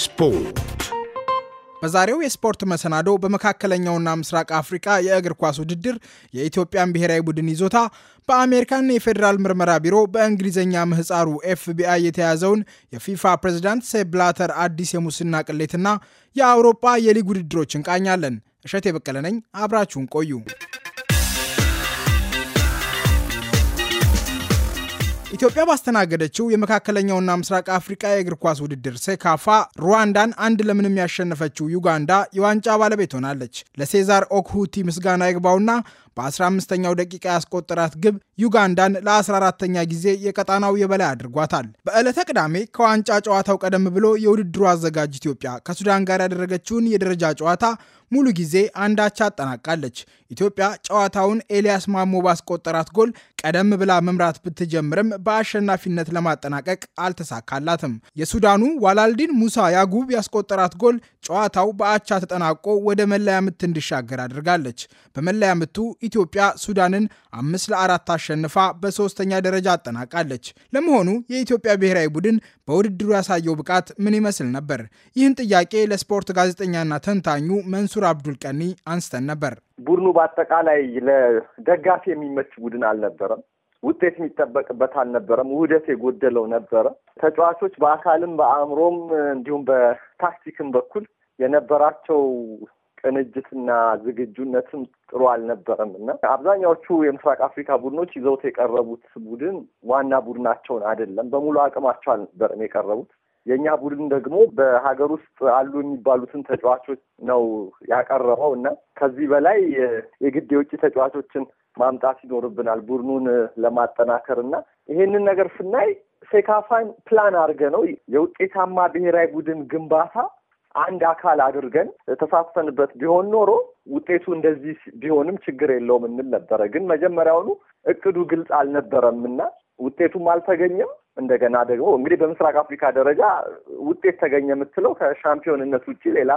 ስፖርት በዛሬው የስፖርት መሰናዶ በመካከለኛውና ምስራቅ አፍሪካ የእግር ኳስ ውድድር የኢትዮጵያን ብሔራዊ ቡድን ይዞታ በአሜሪካን የፌዴራል ምርመራ ቢሮ በእንግሊዝኛ ምህፃሩ ኤፍቢአይ የተያዘውን የፊፋ ፕሬዝዳንት ሴፕ ብላተር አዲስ የሙስና ቅሌትና የአውሮፓ የሊግ ውድድሮች እንቃኛለን። እሸት የበቀለነኝ ነኝ። አብራችሁን ቆዩ። ኢትዮጵያ ባስተናገደችው የመካከለኛውና ምስራቅ አፍሪቃ የእግር ኳስ ውድድር ሴካፋ ሩዋንዳን አንድ ለምንም ያሸነፈችው ዩጋንዳ የዋንጫ ባለቤት ሆናለች። ለሴዛር ኦክሁቲ ምስጋና ይግባውና በ15ኛው ደቂቃ ያስቆጠራት ግብ ዩጋንዳን ለ14ተኛ ጊዜ የቀጣናው የበላይ አድርጓታል። በዕለተ ቅዳሜ ከዋንጫ ጨዋታው ቀደም ብሎ የውድድሩ አዘጋጅ ኢትዮጵያ ከሱዳን ጋር ያደረገችውን የደረጃ ጨዋታ ሙሉ ጊዜ አንዳቻ አጠናቃለች። ኢትዮጵያ ጨዋታውን ኤልያስ ማሞ ባስቆጠራት ጎል ቀደም ብላ መምራት ብትጀምርም በአሸናፊነት ለማጠናቀቅ አልተሳካላትም። የሱዳኑ ዋላልዲን ሙሳ ያጉብ ያስቆጠራት ጎል ጨዋታው በአቻ ተጠናቆ ወደ መለያ ምት እንዲሻገር አድርጋለች። በመለያ ምቱ ኢትዮጵያ ሱዳንን አምስት ለአራት አሸንፋ በሶስተኛ ደረጃ አጠናቃለች። ለመሆኑ የኢትዮጵያ ብሔራዊ ቡድን በውድድሩ ያሳየው ብቃት ምን ይመስል ነበር? ይህን ጥያቄ ለስፖርት ጋዜጠኛና ተንታኙ መንሱር አብዱል ቀኒ አንስተን ነበር። ቡድኑ በአጠቃላይ ለደጋፊ የሚመች ቡድን አልነበረም። ውጤት የሚጠበቅበት አልነበረም። ውህደት የጎደለው ነበረ። ተጫዋቾች በአካልም በአእምሮም እንዲሁም በታክቲክም በኩል የነበራቸው ቅንጅትና ዝግጁነትም ጥሩ አልነበረም እና አብዛኛዎቹ የምስራቅ አፍሪካ ቡድኖች ይዘውት የቀረቡት ቡድን ዋና ቡድናቸውን አይደለም፣ በሙሉ አቅማቸው አልነበረም የቀረቡት። የእኛ ቡድን ደግሞ በሀገር ውስጥ አሉ የሚባሉትን ተጫዋቾች ነው ያቀረበው እና ከዚህ በላይ የግድ የውጭ ተጫዋቾችን ማምጣት ይኖርብናል ቡድኑን ለማጠናከር እና ይሄንን ነገር ስናይ ሴካፋን ፕላን አድርገ ነው የውጤታማ ብሔራዊ ቡድን ግንባታ አንድ አካል አድርገን ተሳትፈንበት ቢሆን ኖሮ ውጤቱ እንደዚህ ቢሆንም ችግር የለውም እንል ነበረ። ግን መጀመሪያውኑ እቅዱ ግልጽ አልነበረም ና ውጤቱም አልተገኘም። እንደገና ደግሞ እንግዲህ በምስራቅ አፍሪካ ደረጃ ውጤት ተገኘ የምትለው ከሻምፒዮንነት ውጭ ሌላ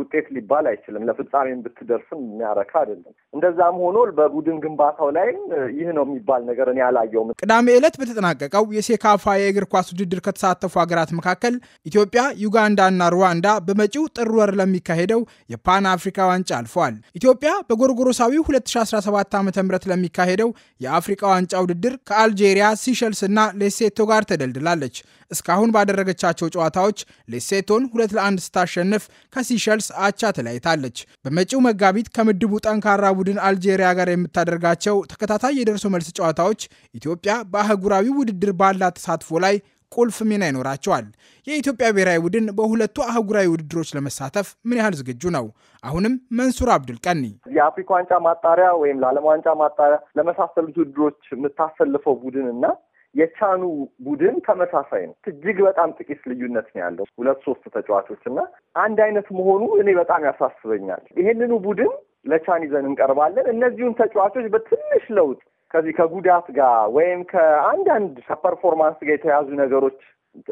ውጤት ሊባል አይችልም። ለፍጻሜም ብትደርስም የሚያረካ አይደለም። እንደዛም ሆኖ በቡድን ግንባታው ላይም ይህ ነው የሚባል ነገር እኔ አላየውም። ቅዳሜ ዕለት በተጠናቀቀው የሴካፋ የእግር ኳስ ውድድር ከተሳተፉ ሀገራት መካከል ኢትዮጵያ፣ ዩጋንዳና ሩዋንዳ በመጪው ጥር ወር ለሚካሄደው የፓን አፍሪካ ዋንጫ አልፈዋል። ኢትዮጵያ በጎርጎሮሳዊ 2017 ዓ ም ለሚካሄደው የአፍሪካ ዋንጫ ውድድር ከአልጄሪያ፣ ሲሸልስ እና ሌሴቶ ጋር ተደልድላለች። እስካሁን ባደረገቻቸው ጨዋታዎች ሌሴቶን ሁለት ለአንድ ስታሸንፍ ከሲሸልስ ስትደርስ አቻ ተለያይታለች። በመጪው መጋቢት ከምድቡ ጠንካራ ቡድን አልጄሪያ ጋር የምታደርጋቸው ተከታታይ የደርሶ መልስ ጨዋታዎች ኢትዮጵያ በአህጉራዊ ውድድር ባላት ተሳትፎ ላይ ቁልፍ ሚና ይኖራቸዋል። የኢትዮጵያ ብሔራዊ ቡድን በሁለቱ አህጉራዊ ውድድሮች ለመሳተፍ ምን ያህል ዝግጁ ነው? አሁንም መንሱር አብዱል ቀኒ የአፍሪካ ዋንጫ ማጣሪያ ወይም ለዓለም ዋንጫ ማጣሪያ ለመሳሰሉት ውድድሮች የምታሰልፈው ቡድን እና የቻኑ ቡድን ተመሳሳይ ነው። እጅግ በጣም ጥቂት ልዩነት ነው ያለው ሁለት ሶስት ተጫዋቾች እና አንድ አይነት መሆኑ እኔ በጣም ያሳስበኛል። ይሄንኑ ቡድን ለቻን ይዘን እንቀርባለን። እነዚሁን ተጫዋቾች በትንሽ ለውጥ ከዚህ ከጉዳት ጋር ወይም ከአንዳንድ ከፐርፎርማንስ ጋር የተያዙ ነገሮች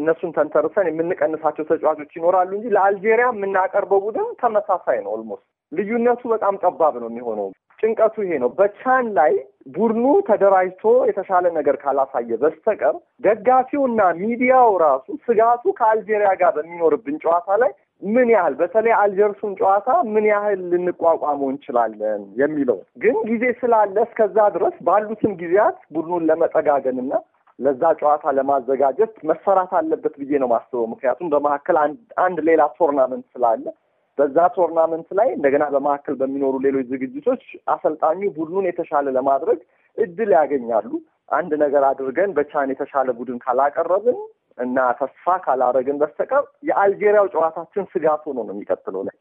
እነሱን ተንተርሰን የምንቀንሳቸው ተጫዋቾች ይኖራሉ እንጂ ለአልጄሪያ የምናቀርበው ቡድን ተመሳሳይ ነው። ኦልሞስት ልዩነቱ በጣም ጠባብ ነው የሚሆነው። ጭንቀቱ ይሄ ነው። በቻን ላይ ቡድኑ ተደራጅቶ የተሻለ ነገር ካላሳየ በስተቀር ደጋፊውና ሚዲያው ራሱ ስጋቱ ከአልጄሪያ ጋር በሚኖርብን ጨዋታ ላይ ምን ያህል በተለይ አልጀርሱን ጨዋታ ምን ያህል ልንቋቋመው እንችላለን የሚለው ግን ጊዜ ስላለ እስከዛ ድረስ ባሉትም ጊዜያት ቡድኑን ለመጠጋገንና ለዛ ጨዋታ ለማዘጋጀት መሰራት አለበት ብዬ ነው ማስበው። ምክንያቱም በመካከል አንድ ሌላ ቶርናመንት ስላለ በዛ ቶርናመንት ላይ እንደገና በመካከል በሚኖሩ ሌሎች ዝግጅቶች አሰልጣኙ ቡድኑን የተሻለ ለማድረግ እድል ያገኛሉ። አንድ ነገር አድርገን በቻን የተሻለ ቡድን ካላቀረብን እና ተስፋ ካላረግን በስተቀር የአልጄሪያው ጨዋታችን ስጋት ሆኖ ነው የሚቀጥለው ላይ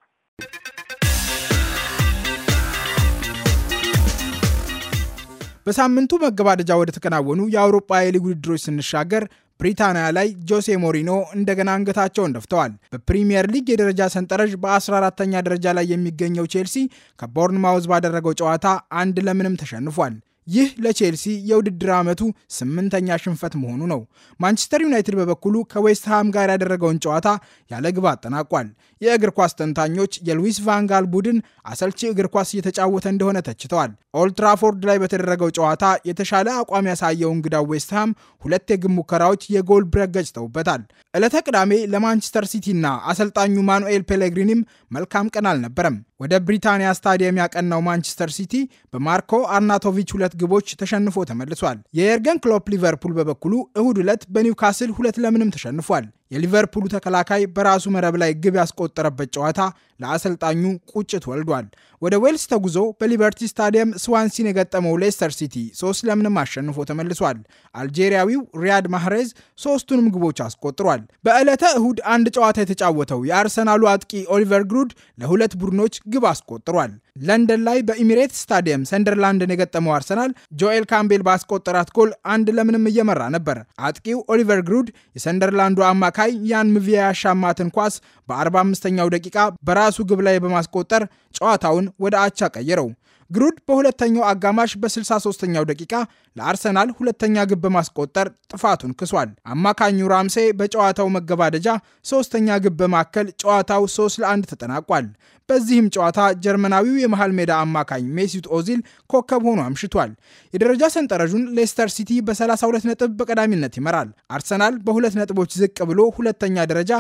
በሳምንቱ መገባደጃ ወደ ተከናወኑ የአውሮፓ የሊግ ውድድሮች ስንሻገር ብሪታንያ ላይ ጆሴ ሞሪኖ እንደገና አንገታቸውን ደፍተዋል። በፕሪምየር ሊግ የደረጃ ሰንጠረዥ በ14ተኛ ደረጃ ላይ የሚገኘው ቼልሲ ከቦርንማውዝ ባደረገው ጨዋታ አንድ ለምንም ተሸንፏል። ይህ ለቼልሲ የውድድር ዓመቱ ስምንተኛ ሽንፈት መሆኑ ነው። ማንቸስተር ዩናይትድ በበኩሉ ከዌስትሃም ጋር ያደረገውን ጨዋታ ያለ ግብ አጠናቋል። የእግር ኳስ ተንታኞች የሉዊስ ቫንጋል ቡድን አሰልቺ እግር ኳስ እየተጫወተ እንደሆነ ተችተዋል። ኦልትራፎርድ ላይ በተደረገው ጨዋታ የተሻለ አቋም ያሳየው እንግዳው ዌስትሃም ሁለት የግብ ሙከራዎች የጎል ብረት ገጭተውበታል። ዕለተ ቅዳሜ ለማንቸስተር ሲቲና አሰልጣኙ ማኑኤል ፔሌግሪኒም መልካም ቀን አልነበረም። ወደ ብሪታንያ ስታዲየም ያቀናው ማንቸስተር ሲቲ በማርኮ አርናቶቪች ሁለት ግቦች ተሸንፎ ተመልሷል። የኤርገን ክሎፕ ሊቨርፑል በበኩሉ እሁድ ዕለት በኒውካስል ሁለት ለምንም ተሸንፏል። የሊቨርፑሉ ተከላካይ በራሱ መረብ ላይ ግብ ያስቆጠረበት ጨዋታ ለአሰልጣኙ ቁጭት ወልዷል። ወደ ዌልስ ተጉዞ በሊበርቲ ስታዲየም ስዋንሲን የገጠመው ሌስተር ሲቲ ሶስት ለምንም አሸንፎ ተመልሷል። አልጄሪያዊው ሪያድ ማህሬዝ ሶስቱንም ግቦች አስቆጥሯል። በዕለተ እሁድ አንድ ጨዋታ የተጫወተው የአርሰናሉ አጥቂ ኦሊቨር ግሩድ ለሁለት ቡድኖች ግብ አስቆጥሯል። ለንደን ላይ በኢሚሬት ስታዲየም ሰንደርላንድን የገጠመው አርሰናል ጆኤል ካምቤል ባስቆጠራት ጎል አንድ ለምንም እየመራ ነበር። አጥቂው ኦሊቨር ግሩድ የሰንደርላንዱ አማካ አማካይ ያን ምቪያ ያሻማትን ኳስ በ45ኛው ደቂቃ በራሱ ግብ ላይ በማስቆጠር ጨዋታውን ወደ አቻ ቀየረው። ግሩድ በሁለተኛው አጋማሽ በ63ኛው ደቂቃ ለአርሰናል ሁለተኛ ግብ በማስቆጠር ጥፋቱን ክሷል። አማካኙ ራምሴ በጨዋታው መገባደጃ ሶስተኛ ግብ በማከል ጨዋታው ሶስት ለአንድ ተጠናቋል። በዚህም ጨዋታ ጀርመናዊው የመሃል ሜዳ አማካኝ ሜሱት ኦዚል ኮከብ ሆኖ አምሽቷል። የደረጃ ሰንጠረዡን ሌስተር ሲቲ በ32 ነጥብ በቀዳሚነት ይመራል። አርሰናል በሁለት ነጥቦች ዝቅ ብሎ ሁለተኛ ደረጃ፣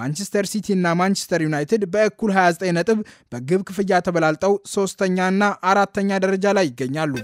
ማንቸስተር ሲቲ እና ማንቸስተር ዩናይትድ በእኩል 29 ነጥብ በግብ ክፍያ ተበላልጠው ሶስተኛና አራተኛ ደረጃ ላይ ይገኛሉ።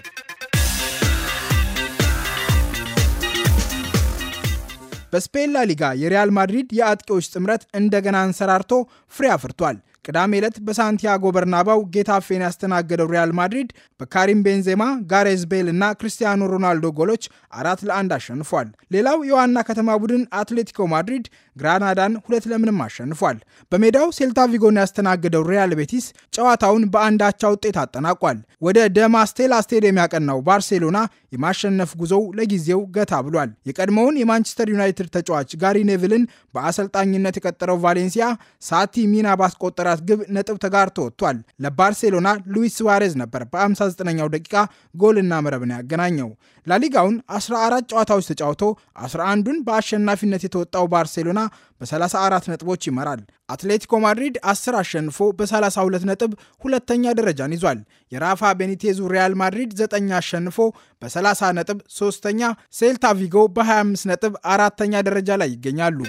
በስፔን ላሊጋ የሪያል ማድሪድ የአጥቂዎች ጥምረት እንደገና አንሰራርቶ ፍሬ አፍርቷል። ቅዳሜ ዕለት በሳንቲያጎ በርናባው ጌታፌን ያስተናገደው ሪያል ማድሪድ በካሪም ቤንዜማ፣ ጋሬዝ ቤል እና ክርስቲያኖ ሮናልዶ ጎሎች አራት ለአንድ አሸንፏል። ሌላው የዋና ከተማ ቡድን አትሌቲኮ ማድሪድ ግራናዳን ሁለት ለምንም አሸንፏል። በሜዳው ሴልታ ቪጎን ያስተናገደው ሪያል ቤቲስ ጨዋታውን በአንዳቻ ውጤት አጠናቋል። ወደ ደማስቴላ ስቴዲየም ያቀናው ባርሴሎና የማሸነፍ ጉዞው ለጊዜው ገታ ብሏል። የቀድሞውን የማንቸስተር ዩናይትድ ተጫዋች ጋሪ ኔቪልን በአሰልጣኝነት የቀጠረው ቫሌንሲያ ሳቲ ሚና ባስቆጠረ የማጥራት ግብ ነጥብ ተጋርቶ ወጥቷል። ለባርሴሎና ሉዊስ ስዋሬዝ ነበር በ59ኛው ደቂቃ ጎልና መረብን ያገናኘው። ላሊጋውን 14 ጨዋታዎች ተጫውቶ 11ዱን በአሸናፊነት የተወጣው ባርሴሎና በ34 ነጥቦች ይመራል። አትሌቲኮ ማድሪድ 10 አሸንፎ በ32 ነጥብ ሁለተኛ ደረጃን ይዟል። የራፋ ቤኒቴዙ ሪያል ማድሪድ 9 አሸንፎ በ30 ነጥብ ሶስተኛ፣ ሴልታ ቪጎ በ25 ነጥብ አራተኛ ደረጃ ላይ ይገኛሉ።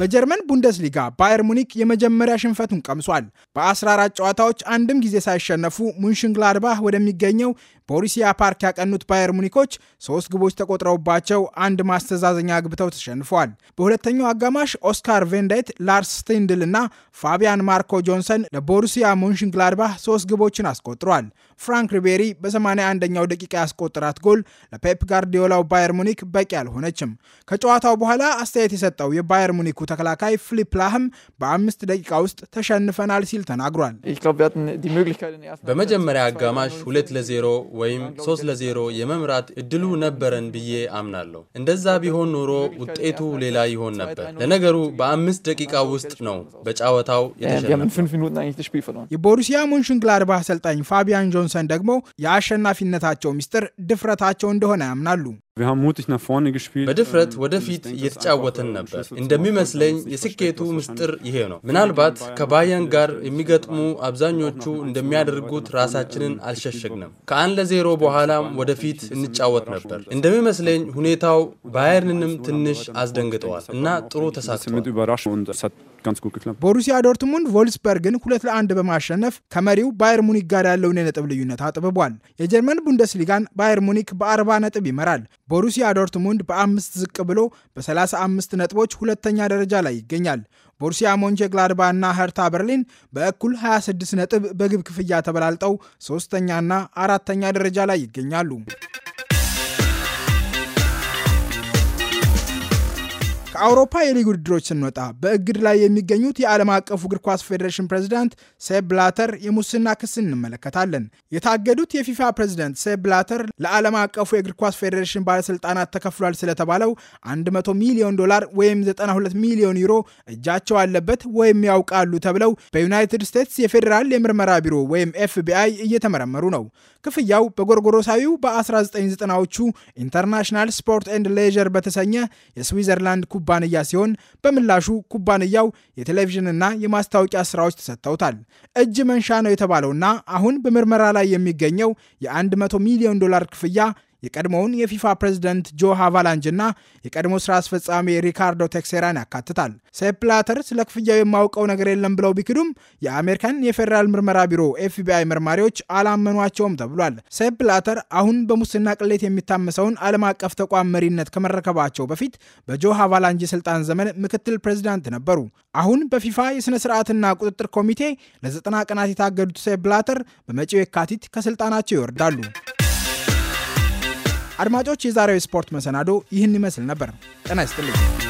በጀርመን ቡንደስሊጋ ባየር ሙኒክ የመጀመሪያ ሽንፈቱን ቀምሷል። በ14 ጨዋታዎች አንድም ጊዜ ሳይሸነፉ ሙንሽንግላድባህ ወደሚገኘው ቦሩሲያ ፓርክ ያቀኑት ባየር ሙኒኮች ሶስት ግቦች ተቆጥረውባቸው አንድ ማስተዛዘኛ አግብተው ተሸንፏል። በሁለተኛው አጋማሽ ኦስካር ቬንዳይት፣ ላርስ ስቴንድል እና ፋቢያን ማርኮ ጆንሰን ለቦሩሲያ ሞንሽንግላድባህ ሶስት ግቦችን አስቆጥሯል። ፍራንክ ሪቤሪ በ81ኛው ደቂቃ ያስቆጠራት ጎል ለፔፕ ጋርዲዮላው ባየር ሙኒክ በቂ አልሆነችም። ከጨዋታው በኋላ አስተያየት የሰጠው የባየር ሙኒኩ ተከላካይ ፊሊፕ ላህም በአምስት ደቂቃ ውስጥ ተሸንፈናል ሲል ተናግሯል። በመጀመሪያ አጋማሽ ሁለት ለዜሮ ወይም ለ ለዜሮ የመምራት እድሉ ነበረን ብዬ አምናለሁ። እንደዛ ቢሆን ኖሮ ውጤቱ ሌላ ይሆን ነበር። ለነገሩ በአምስት ደቂቃ ውስጥ ነው በጫወታው የተሸነፈው። የቦሩሲያ ሙንሽንግላድባ አሰልጣኝ ፋቢያን ጆንሰን ደግሞ የአሸናፊነታቸው ሚስጥር ድፍረታቸው እንደሆነ ያምናሉ። በድፍረት ähm, ወደፊት እየተጫወትን äh, ነበር። እንደሚመስለኝ የስኬቱ ምስጢር ይሄ ነው። ምናልባት ከባየን ጋር የሚገጥሙ አብዛኞቹ እንደሚያደርጉት ራሳችንን አልሸሸግንም። ከአንድ ለዜሮ በኋላም ወደፊት እንጫወት ነበር። እንደሚመስለኝ ሁኔታው ባየርንንም ትንሽ አስደንግጠዋል እና ጥሩ ተሳክቷል። ganz gut geklappt። ቦሩሲያ ዶርትሙንድ ቮልስበርግን ሁለት ለአንድ በማሸነፍ ከመሪው ባየር ሙኒክ ጋር ያለውን የነጥብ ልዩነት አጥብቧል። የጀርመን ቡንደስሊጋን ባየር ሙኒክ በ40 ነጥብ ይመራል። ቦሩሲያ ዶርትሙንድ በአምስት ዝቅ ብሎ በ35 ነጥቦች ሁለተኛ ደረጃ ላይ ይገኛል። ቦሩሲያ ሞንቼ እና ሀርታ በርሊን በእኩል 26 ነጥብ በግብ ክፍያ ተበላልጠው ሶስተኛና አራተኛ ደረጃ ላይ ይገኛሉ። ከአውሮፓ የሊግ ውድድሮች ስንወጣ በእግድ ላይ የሚገኙት የዓለም አቀፉ እግር ኳስ ፌዴሬሽን ፕሬዚዳንት ሴብ ብላተር የሙስና ክስ እንመለከታለን። የታገዱት የፊፋ ፕሬዚዳንት ሴብ ብላተር ለዓለም አቀፉ የእግር ኳስ ፌዴሬሽን ባለስልጣናት ተከፍሏል ስለተባለው 100 ሚሊዮን ዶላር ወይም 92 ሚሊዮን ዩሮ እጃቸው አለበት ወይም ያውቃሉ ተብለው በዩናይትድ ስቴትስ የፌዴራል የምርመራ ቢሮ ወይም ኤፍቢአይ እየተመረመሩ ነው። ክፍያው በጎርጎሮሳዊው በ1990ዎቹ ኢንተርናሽናል ስፖርት ኤንድ ሌዥር በተሰኘ የስዊዘርላንድ ኩባ ኩባንያ ሲሆን በምላሹ ኩባንያው የቴሌቪዥንና የማስታወቂያ ስራዎች ተሰጥተውታል። እጅ መንሻ ነው የተባለውና አሁን በምርመራ ላይ የሚገኘው የ100 ሚሊዮን ዶላር ክፍያ የቀድሞውን የፊፋ ፕሬዚደንት ጆ እና የቀድሞ ስራ አስፈጻሚ ሪካርዶ ቴክሴራን ያካትታል። ሴፕ ብላተር ስለ ክፍያው የማውቀው ነገር የለም ብለው ቢክዱም የአሜሪካን የፌዴራል ምርመራ ቢሮ ኤፍቢአይ መርማሪዎች አላመኗቸውም ተብሏል። ሴፕ ብላተር አሁን በሙስና ቅሌት የሚታመሰውን ዓለም አቀፍ ተቋም መሪነት ከመረከባቸው በፊት በጆ ሃቫላንጅ የስልጣን ዘመን ምክትል ፕሬዝዳንት ነበሩ። አሁን በፊፋ የሥነ ስርዓትና ቁጥጥር ኮሚቴ ለዘጠና ቀናት የታገዱት ሴፕ ብላተር በመጪው የካቲት ከስልጣናቸው ይወርዳሉ። አድማጮች፣ የዛሬው የስፖርት መሰናዶ ይህን ይመስል ነበር። ጤና ይስጥልኝ።